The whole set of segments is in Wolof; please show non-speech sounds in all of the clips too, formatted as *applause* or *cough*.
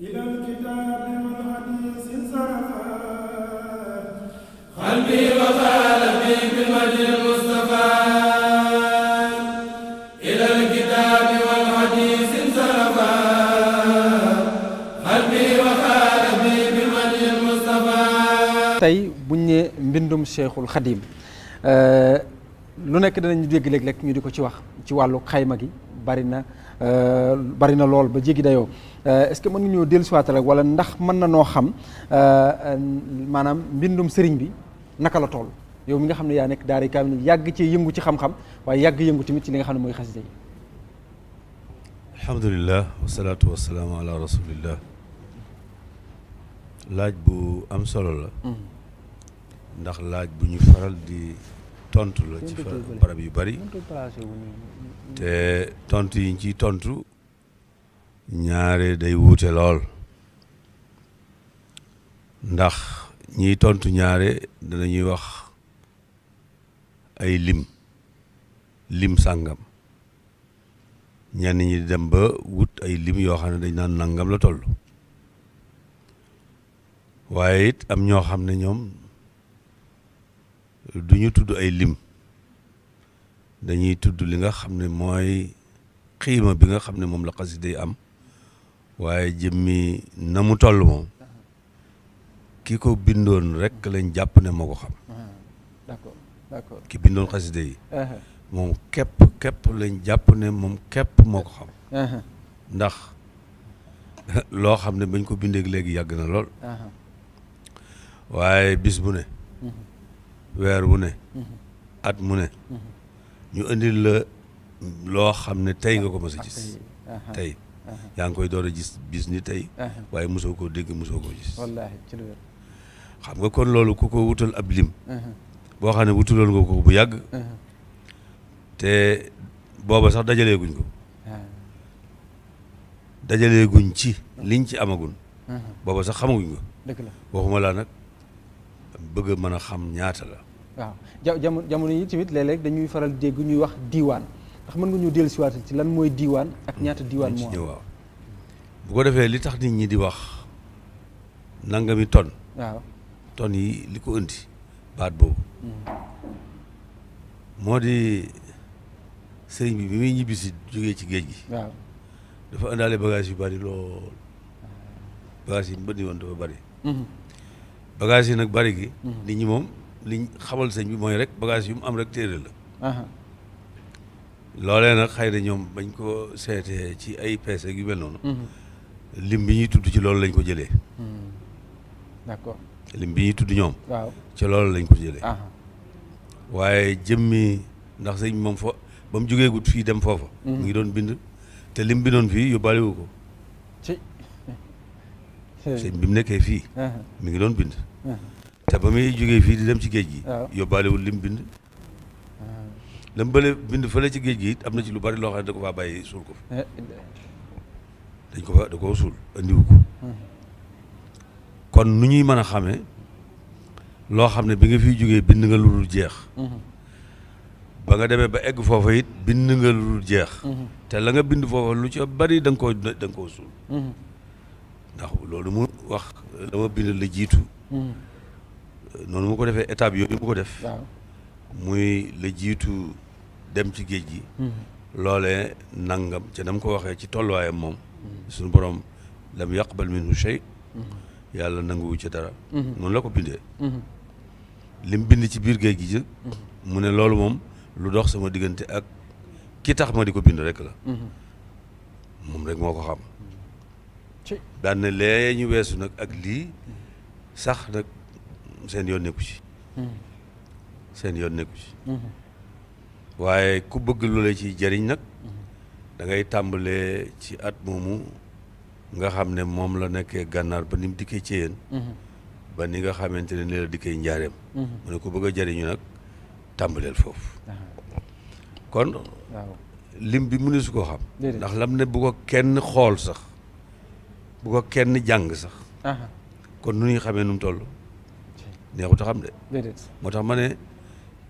tey buñ ne mbindum cheikhul xadim euh, lu nekk danañu dégg léeg ñu di ko ci wax ci wàllu xayma gi bari na euh, bari na lool ba jéggi dayoo Euh, est-ce que mën nga ñoo dellu siwaat wala ndax mën na noo xam euh, euh, maanaam mbindum sëriñ bi naka la tool yow mi nga xam ne yaa nekk daara kaamil yàgg ci yëngu ci xam-xam waaye yàgg yëngu tamit ci li nga xam ne mooy xasida yi alhamdulilah wasalaatu wasalaamu ala laaj bu am solo la hmm. ndax laaj bu ñu faral di tontu la ci barab yu bari te tontu yi ñu ciy tontu ñaare day wuute lool ndax ñiy tontu ñaare danañuy wax ay lim lim sàngam ñenn ñi dem ba wut ay lim yoo xam ne dañ naan nangam la toll waaye it am ñoo xam ne ñoom du ñu tudd ay lim dañuy tudd li nga xam ne mooy xiima bi nga xam ne moom la xasida yi am waaye jëmmi na mu toll moom ki ko bindoon rek lañ jàpp ne moo ko xam. Ah, ki bindoon xaside yi. Ah, ah. moom képp képp lañ jàpp ne moom képp moo ko xam. ndax *laughs* loo xam ne bañ ko bindeeg léegi yàgg na lool. waaye bis bu ne. Mhm. weer wu ne. Mhm. at mu ne. Mhm. ñu indil la loo xam ne tey nga ko mës a gis tey. Uh-huh. yaa ngi koy door a gis bis ni tey. Uh-huh. waaye mosoo koo dégg mosoo ko gis. xam nga kon loolu ku ko wutal ab lim. Uh-huh. boo xam ne wutaloon nga ko bu yàgg. te booba sax dajaleeguñ ko. dajaleeguñ ci liñ ci amaguñ. booba sax xamaguñ ko. dëgg la laa nag bëgg mën a xam ñaata la. waaw ja jamono yi tamit léeg-léeg dañuy faral dégg ñuy wax diiwaan. ndax mën nga ñu dellu siwaat ci lan mooy diiwaan ak ñaata diiwaan moo waaw defee li tax nit ñi di wax nangami ton waaw yi li ko indi baat hmm. di sëriñ bi bi muy ñibbisi jógee ci géej gi waaw dafa indaale bagage yu bari lool bagage yi mbënd woon dafa bari hmm. bagage yi nag bari gi hmm. nit ñi moom liñ xamal sëñ bi mooy rek bagage yu mu am rek téere la loolee nag xëy na ñoom bañ ko seete ci ay peese yu mel noonu. Mhm. lim bi ñuy tudd ci loolu lañ ko jëlee. Mhm. d'accord lim bi ñuy tudd ñoom. waaw ci loolu lañ ko jëlee. waaye jëmmi ndax sëñ moom fo ba mu jógee gut fii dem foofa. Mhm. mu ngi doon bind te lim bi doon fii yóbbaale wu ko. ci *laughs* sëñ bi mu nekkee fii. mi ngi doon bind. te ba muy jógee fii di dem ci géej gi. yóbbaale wul lim bind. dama bële bind fële ci géej gi am na ci lu bari loo xam ne da ko faa bàyyi suul ko fi eh, dañ ko fa da koo suul andiwu ko hmm. kon nu ñuy mën a xamee loo xam ne bi nga fi jógee bind nga lu dul jeex hmm. ba nga demee ba egg foofa it bind nga lu jeex hmm. te la nga bind foofa lu ci bari da nga koo da nga loolu mu wax la ma bind la jiitu noonu mu ko defee étape yooyu mu ko def muy la jiitu dem ci géej gi hmm. loolee nangam ca nam ko waxee ci tolluwaayam mom suñu borom lam yaqbal minhu shay hmm. yàlla nanguwu ca dara hmm. noonu la ko bindee lim bind ci biir géej gi mu ne lu dox sama diggante ak ki tax ma di ko bind rek la moom rek moo xam daan ne lee ñu weesu nag ak lii sax nag seen yoon nekku ci seen yoon ci waaye ku bëgg lu la ci jariñ nag dangay ngay tàmbalee ci at moomu nga xam ne moom la nekkee gànnaar ba ni mu dikkee ci yéen ba ni nga xamante ne ni la dikkee njaareem mu ne ku bëgg a jëriñu nag tàmbaleel foofu kon lim bi mënu su ko xam ndax lam ne bu ko kenn xool sax bu ko kenn jàng sax kon nu ñuy xamee nu mu toll neexut a xam de moo tax ma ne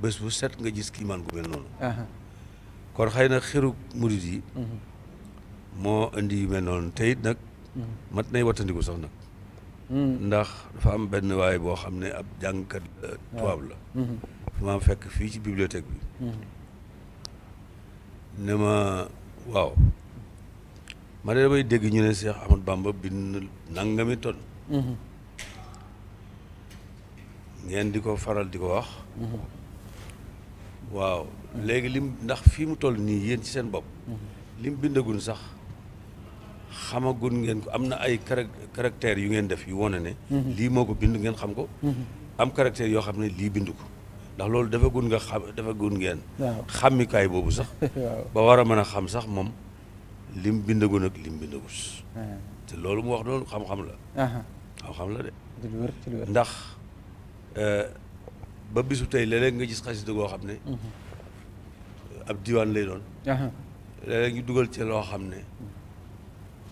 bés bu set nga gis kiimaan gu mel noonu kon xëy na xirug murit yi mhm. moo indi yu mel noonu te nag mhm. mat nay wattandiku sax nag mhm. ndax dafa am benn waay boo xam ne ab jàngkat tubaab la fi ma fekk fii ci bibliothèque bi ne ma waaw ma ne damay dégg ñu ne Cheikh Ahmad Bamba bind nangami ton ngeen di ko faral di ko wax waaw léegi lim ndax fii mu toll nii yéen ci seen bopp. Mhm. lim bindagun sax xamagun ngeen ko am na ay caractères yu ngeen def yu wane ne. Mhm. lii moo ko bind ngeen xam ko. Mhm. am caractère yoo xam ne lii bind ko ndax loolu dafa gun nga xam dafa gun ngeen. xàmmikaay boobu sax. *laughs* ba war a mën a xam sax moom lim bindagun ak lim bindagus. Ah. te loolu mu wax noonu xam-xam la. xam-xam la de. ndax. Euh, ba bisu tey léeg nga gis xasida goo xam ne mhm. ab diwaan lay doon léeg-léeg dugal ci loo xam ne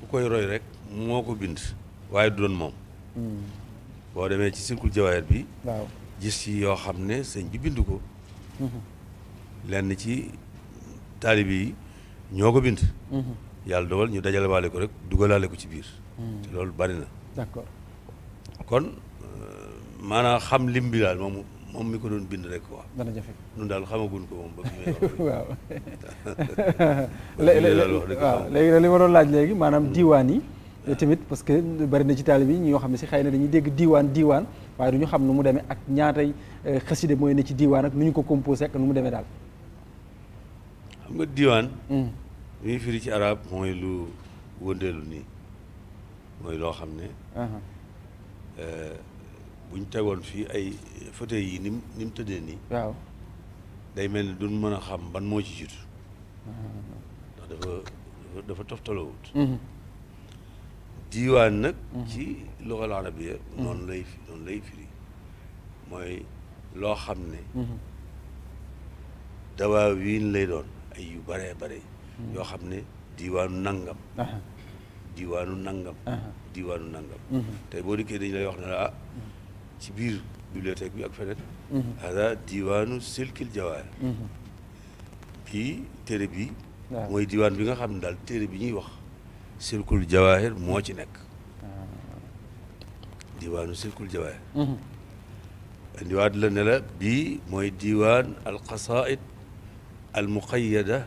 ku koy roy rek moo ko bind waaye du doon moom mhm. boo demee ci circul jawaayir bi waaw ci yoo xam ne sëñ bi bind ko mhm. lenn ci taalibe yi ñoo ko bind yàlla dogal ñu dajale ko rek dugalaale ko ci biir te loolu bari na d'accord kon euh, maanaam xam lim bi daal moom moom mi ko doon bind rek quoi. ko moom ba fi may *laughs* *laughs* wax. waaw léegi nag li ma doon laaj léegi maanaam hmm. diiwaan yi. Hmm. tamit parce que bari na ci taalibe yi ñoo xam ne si xay na dañuy dégg diiwaan diiwaan waaye du ñu xam nu mu demee ak ñaatay eh, xaside mooy ne ci diiwaan ak nu ñu ko composé ak nu mu demee daal. xam nga diiwaan. Hmm. li firi ci arab mooy lu wëndeelu nii mooy loo xam ne. Uh-huh. Eh, bu ñu tegoon fii ay fauteuil yi ni tëddee nii. day mel ni duñ mën a xam ban moo ci jiitu. Mm-hmm. ndax dafa dafa toftalowut mm-hmm. diiwaan nag. Mm-hmm. ci luxal arabiya noonu lay firi mooy loo xam ne. dawaa wiin lay doon ay yu bare bare yoo xam ne diiwaanu nangam. Uh-huh. diiwaanu nangam. Uh-huh. diiwaanu tey boo dikkee dañu lay wax ne la ah. تبير بيبليوتيك بيك هذا ديوان سلك الجواهر بي تربي نعم. موي ديوان بيغا خام دال تربي ني واخ سلك الجواهر موتي نيك آه. ديوان سلك الجواهر ديوان لا نلا بي موي ديوان القصائد المقيده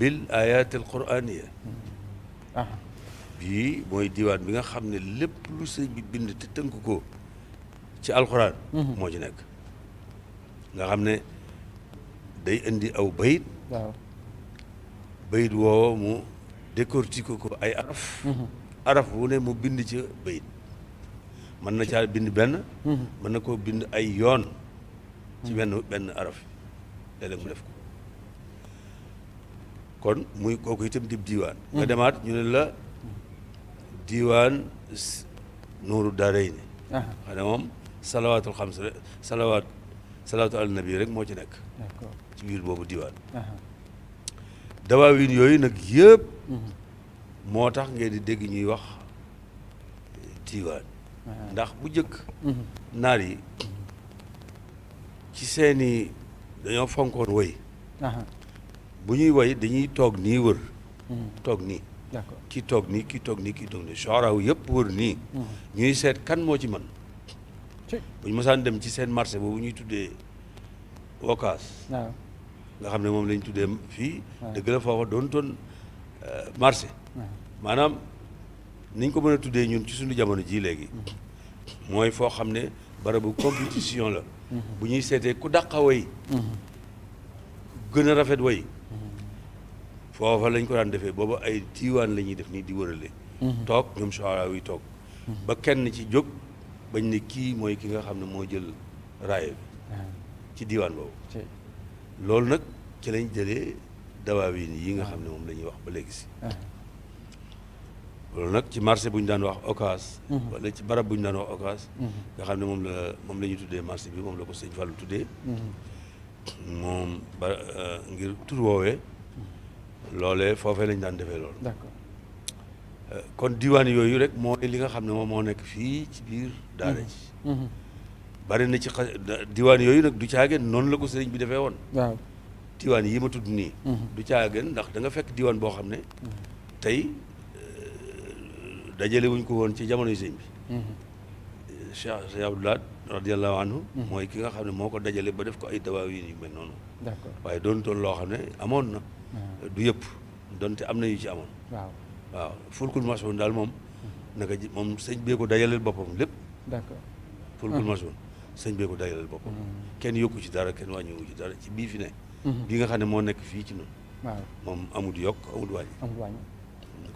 بالايات القرانيه بي موي ديوان بيغا خامني لب لو بند تتنكو ci alxuraan. Mhm. moo ci nekk nga xam ne day indi aw bayit waaw bayit woowa mu décortique ko ay araf mhm. araf wu ne mu bind ci bayit mën na caa bind benn mhm. mën na koo bind ay yoon ci benn benn araf léeg mu def ko kon muy kooku itam dib diiwaan nga demaat ñu ne la diiwaan nuuru daarayni xanaa moom salawaatul xams rek salawaat salawaatu al nabi rek moo ci nekk. ci biir boobu diwaan. dawaawin yooyu nag yëpp. Mhm. moo tax ngeen di dégg ñuy wax diwaan. ndax bu njëkk. Mhm. naar yi ci seeni dañoo fonkoon woy bu ñuy woy dañuy toog nii wër. Mhm. toog nii. kii toog nii kii toog nii kii toog nii sooraaw yëpp wër nii. ñuy seet kan moo ci mën. bu ñu mosaan dem ci seen marché boobu ñuy tuddee Ocass. waaw nga xam ne moom lañ tuddee fii. dëgg la foofa doon toon euh, marché. maanaam niñ ko mën a tuddee ñun ci suñu jamono jii léegi. Mm-hmm. mooy foo xam ne barabu compétition la. Mm-hmm. bu ñuy seetee ku dàqa way. Mm-hmm. gën a rafet way. foofa lañ ko daan defee booba ay diiwaan la ñuy def nii di wërale. toog ñoom soxlaa toog. ba kenn ci jóg. bañ ne kii mooy ki nga xam ne moo jël raaya bi ah. ci diiwaan boobu loolu nag ci lañ jëlee dawaawin yi nga xam ne moom la ñuy wax ba léegi si ah. loolu nag ci marché bu ñu daan wax occas mm-hmm. wala ci barab bu ñu daan wax occas mm-hmm. nga xam ne moom la moom la ñuy tuddee marché bi moom la ko sëñ Fallou tuddee mm-hmm. moom ba euh, ngir tur woowee loolee foofee lañ daan defee loolu d'accord kon diwaan yooyu rek mooy li nga xam ne moom moo nekk fii ci biir daara ji bari na ci diwaan yooyu nag du caageen noonu la ko sëriñ bi defee woon waaw diwaan yi ma tudd nii mhm. du caageen ndax danga nga fekk diwaan boo xam ne mhm. tey euh, dajalewuñ ko woon ci jamono sëriñ bi mhm. Cheikh Cheikh Abdoulaye radiyallahu anhu mooy ki nga xam ne moo ko dajale ba def ko ay dawaawiin yu mel noonu d'accord waaye doon toon loo xam ne amoon na du yëpp donte am na yu ci amoon waaw waaw fulkul masoon daal moom naka ji moom sëñ bee ko dajaleel boppam lépp d'accord fulkul ah. masoon sëñ bee ko dajaleel boppam hmm. kenn yokku ci dara kenn wàññiwu ci dara ci bii fi ne hmm. bi nga xam ne moo nekk fii ci noonu moom amul yokk amul wàññi amul wàññi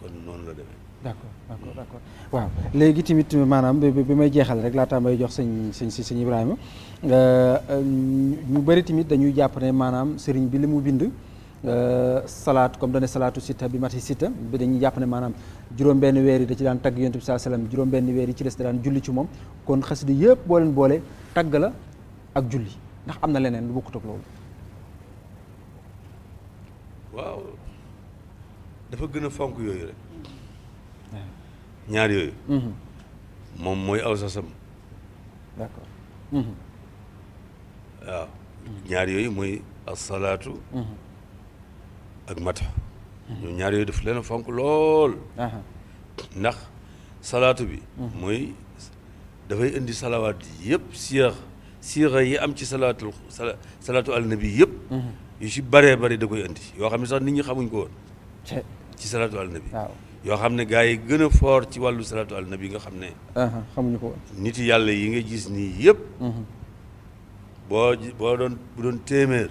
kon noonu la demee d' accord d' accord waaw léegi tamit maanaam bi may jeexal rek laataa may jox sañ sëñ si sëñ Ibrahima euh, euh, ñu bëri tamit dañuy jàpp ne maanaam sëriñ bi li mu bind Euh, salaatu comme dane salaatu sita bi mati sita bi dañuy jàpp ne maanaam juróom-benn weer yi da ci daan tagg yonent bi saa salaam juróom-benn weer yi ci des da daan julli ci moom kon xasida yëpp boo leen boole tagg la ak julli ndax am na leneen lu bokkut ak loolu. waaw dafa gën a fonk yooyu rek. Mhm. Mhm. ñaar yooyu. mooy aw sasam. yooyu mooy asalaatu. Mhm. ak mata ñoom ñaar yooyu daf leen a fonk lool ndax salaatu bi hmm. mooy dafay indi salawaat yëpp siira siira yi am ci salaatul salaatu al nabi yëpp hmm. yu ci bëree bëri da koy indi yoo xam ne sax nit ñi xamuñ ko woon ci salaatu al yoo xam ne gaa yi gën a foor ci wàllu salaatu al nga xam ne xamuñu ko woon nit yàlla yi nga gis nii yëpp hmm. boo boo doon téeméer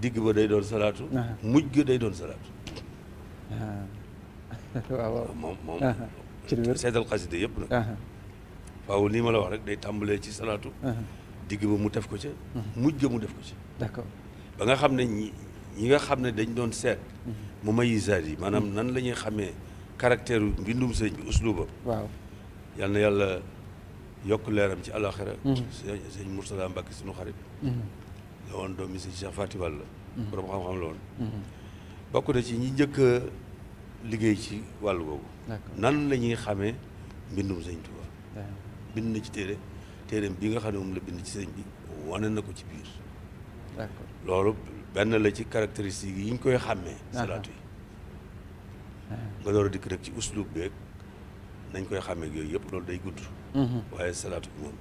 digg ba day doon salaatu. Ah. muj ga day doon salaatu. Ah. *laughs* waaw moom moom. Ah, ci biir seetal xasida yëpp nag. waaw lii ma la wax rek day tàmbalee ci salaatu. digg ba mu def ko ca. mujj ga mu def ko ba nga xam ne ñi ñi nga xam ne dañ doon seet. Mm-hmm. mu may yisaat yi maanaam mm-hmm. nan la ñuy xamee caractère mbindum sëñ bi usluba. waaw na yàlla yokk leeram ci alaxira. Mm-hmm. sëñ Moursala Mbacke sunu xarit. la woon doomi si Cheikh mhm. la borom mhm. xam-xam bokk na ci ñi njëkk liggéey ci wàllu boobu nan la ñuy xamee mbindum sëñ na ci téere téereem bi nga xam ne moom la bind ci sëñ wane na ko ci biir loolu benn la ci caractéristique yi ñu koy xàmmee salaatu yi ah. nga door a dikk rek ci uslub beeg nañ koy xàmmee yooyu yëpp loolu day gudd mhm. waaye salaatu bi moom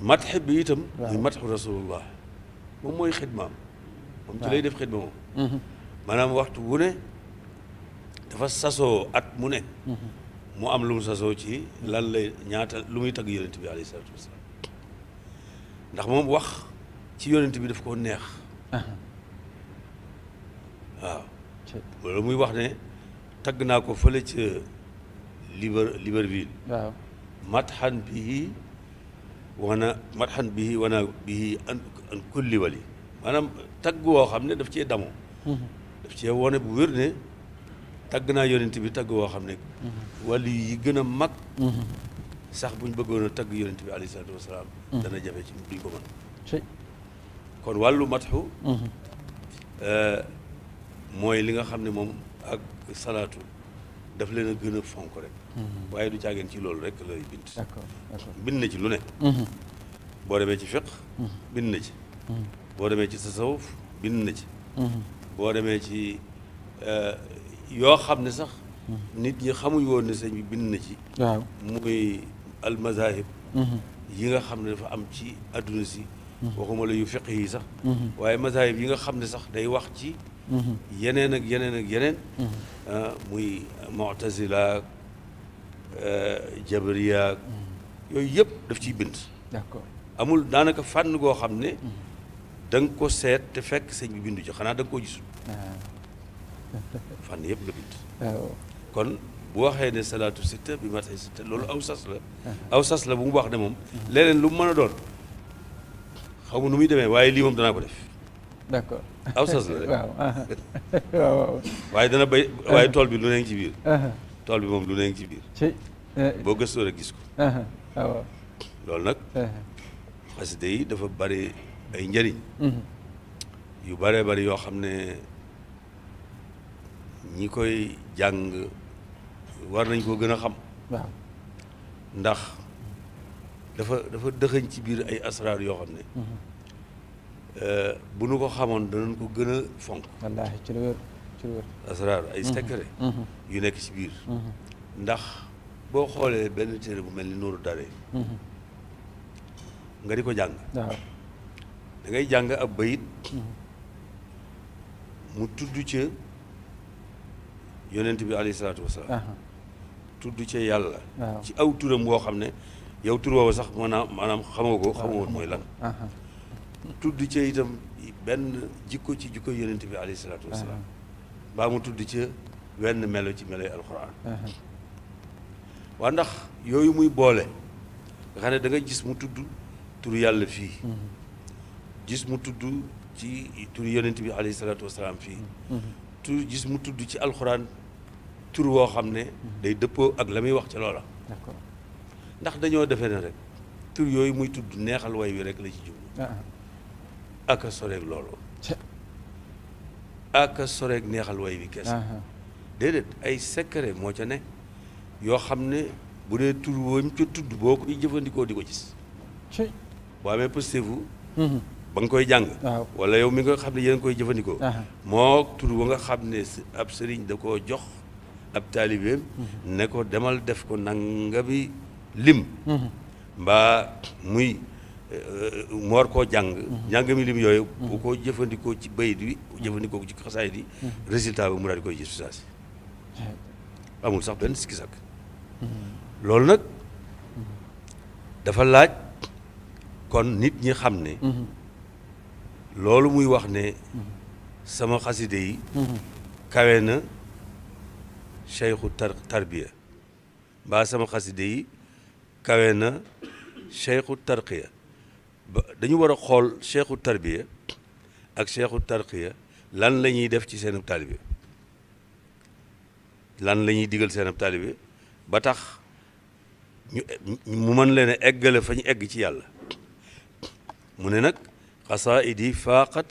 matxe bi itam muy matxu rasulullah مو أقول لك هم تلاقي في خدمه ما نام وقت هنا تفسسوا ات مو ام لوم ساسو تي لا لا نياتا لومي تاغ يونت بي عليه الصلاه والسلام دا موم واخ تي يونت بي دافكو نيه اها واو لومي واخ ني تاغ ناكو فلي تي ليبر ليبر فيل واو مدحن به وانا مدحن به وانا به an kulli wali maanaam tagg woo xam ne daf cee damoo daf cee wone bu wér ne tagg naa yonent bi tagg woo xam ne wàllu yi gën a mag sax buñ bëggoon a tagg yonent bi alayhi salaatu wasalaam dana jafe ci duñ ko mën kon wàllu matxu mhm. eh, mooy li nga xam ne moom ak salaatu daf leen gën a fonk rek mhm. waaye du caageen ci loolu rek lay bind bind na ci lu ne mhm. boo demee ci fiq bind na ci boo demee ci tasawuf bind na ci boo demee ci yoo xam ne sax nit ñi xamuñ woon ne sëñ bi bind na ci waaw muy almazahib yi nga xam ne dafa am ci adduna si waxuma la yu fiq yi sax waaye mazahib yi nga xam ne sax day wax ci yeneen ak yeneen ak yeneen muy mu'tazilaak jabriyaak yooyu yëpp daf ciy bind d'accord amul daanaka fànn goo xam ne da ko seet te fekk sëñ bi bindu ci xanaa da koo gisul *laughs* fànn yëpp la bind kon bu waxee ne salaatu sitta bi mat te sitta loolu aw sas la uh-huh. aw sas la bu mu wax ne moom leneen lu mu mën a doon xaw ma nu muy demee waaye lii moom danaa ko def d'accord aw sas la rek *laughs* *laughs* waaw waaye dana béy waaye tool bi lu ne ngi ci biir uh-huh. tool bi moom lu ne ngi ci biir uh, boo gëstoo rek gis ko uh-huh. loolu nag xasida yi dafa bari ay njëriñ mhm. yu bëree bari yoo xam ne ñi koy jàng war nañ koo gën a xam ndax dafa dafa dëxëñ ci biir ay asraar yoo xam ne mhm. euh, bu nu ko xamoon danañ ko gën a fonk wallaahi ay mhm. secret yu nekk ci biir ndax boo xoolee benn téere bu mel ni Nuuru Daarayni nga di ko jàng da ngay jàng ab bayit mhm. mu tudd ca yonent bi alayhi salaatu wasalaam tudd ca yàlla ci aw turam woo xam ne yow tur woowu sax maanaam maanaam xamoo ko xamoo mooy lan tudd ca itam benn jikko ci jikko yonent bi alayhi salaatu wasalaam baa mu tudd ca wenn melo ci melo alxuraan waa ndax yooyu muy boole nga xam ne da gis mu tudd turu yàlla fii gis mu tudd ci tur yonent bi alayhi salaatu wasalaam fii tu gis mu tudd ci alxuraan tur woo xam ne day dëppoo ak la muy wax ci loola ndax dañoo defee ne rek tur yooyu muy tudd neexal way wi rek la ci jublu ah, ah. ak a soreeg loolu ak a neexal way bi kese ah, déedéet ay secret moo ca ne yoo xam ne bu dee tur woo ñu ca tudd boo koy jëfandikoo di ko gis boo amee positif mhm. ba nga koy jàng wala yow mi nga xam ne yéen koy jëfandikoo moo tur wa nga xam ne ab sëriñ da koo jox ab taalibeem mhm. ne ko demal def ko nangami lim mhm. mbaa muy euh, mu war koo jàng njàngami lim yooyu bu ko jëfandikoo ci bayit wi jëfandikoo ci xasaayit di résultat bi mu daal di koy gis saa si amul sax benn sikki sàkk nag dafa laaj kon nit ñi xam ne mhm. loolu muy wax ne mhm. sama xaside yi mhm. kawe na cheikhu tar tarbiya mbaa sama xaside yi kawe na cheikhu tarqiya ba dañu war a xool cheikhu tarbiya ak cheikhu tarqiya lan la ñuy def ci seen taalibe lan la ñuy digal seen taalibe ba tax ñu mu mën leen eggale fa ñu egg ci yàlla mu ne nag xasaayid yi faaqat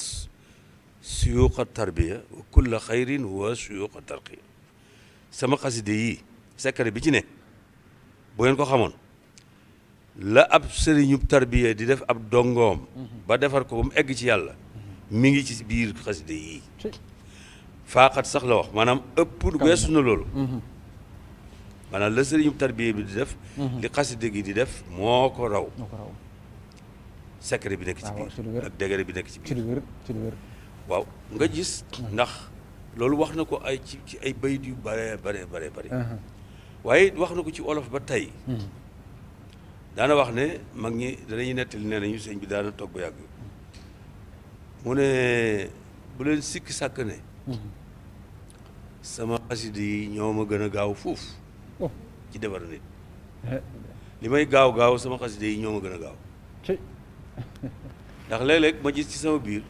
suyuqa tarbiya wa kulla xayrin huwa suyuqa tarqiya sama xaside yi secret bi ci ne bu ngeen ko xamoon la ab sëriñub tarbiya di def ab dongoom ba defar ko ba mu egg ci yàlla mi ngi ci biir xaside yi faaqat sax la wax maanaam ëpp weesu na loolu maanaam la sëriñub tarbiya bi di def li xaside gi di def moo ko raw secret bi nekk ci ah, biir ak degré bi nekk ci ci lu wér waaw nga gis ndax loolu wax na ko ay ci ci ay bayit yu bare bare bare bare waaye wax na ko ci olof ba tey hmm. daana wax ne mag ñi danañu nettali nee nañu sëñ bi daana toog ba yàgg mu ne bu leen sikk sàkk ne hmm. sama xasida yi ñoo ma gën a gaaw fuuf oh. ci defar nit eh. li may gaaw gaaw sama xasida yi ñoo ma gën a gaaw ndax léeg-léeg ma gis ci sama biir.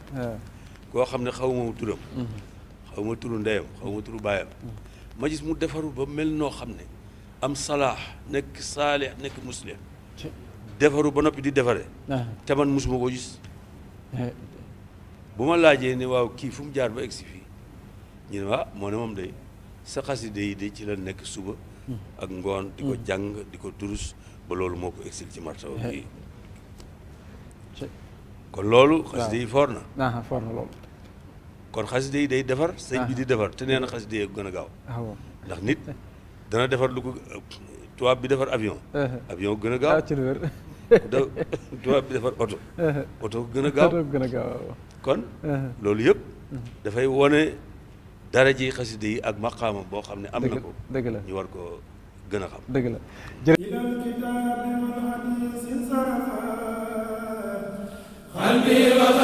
koo xam ne xaw ma turam. Mm-hmm. xaw ma turu ndeyam xaw ma turu baayam. Mm-hmm. ma mu defaru ba mel noo xam ne am salaax nekk saalix nekk muslim defaru ba noppi di defare ah. te man musuma ko gis eh. bu ma laajee ne waaw kii fu mu jaar ba egsi fii ñu ne ah, moo ne moom de sa xaside yi de ci la nekk suba mm. ak ngoon di ko mm. jàng di ko durus ba loolu moo ko egsil ci martaba eh. bi kon loolu. waaw xasida yi foor na. Ah, foor na loolu. kon xasida yi day defar. sëñ bi ah. di defar te nee na xasida yi gën a gaaw. Ah, ndax nit dana defar lu ko tubaab bi defar avion. avion gën a gaaw tubaab bi defar oto. oto gën a gaaw gën a gaaw kon. loolu yëpp. Mm-hmm. dafay wone dara ji xasida yi ak maqaama boo xam ne am na ko. dëgg la ñu war ko gën a xam. dëgg la. al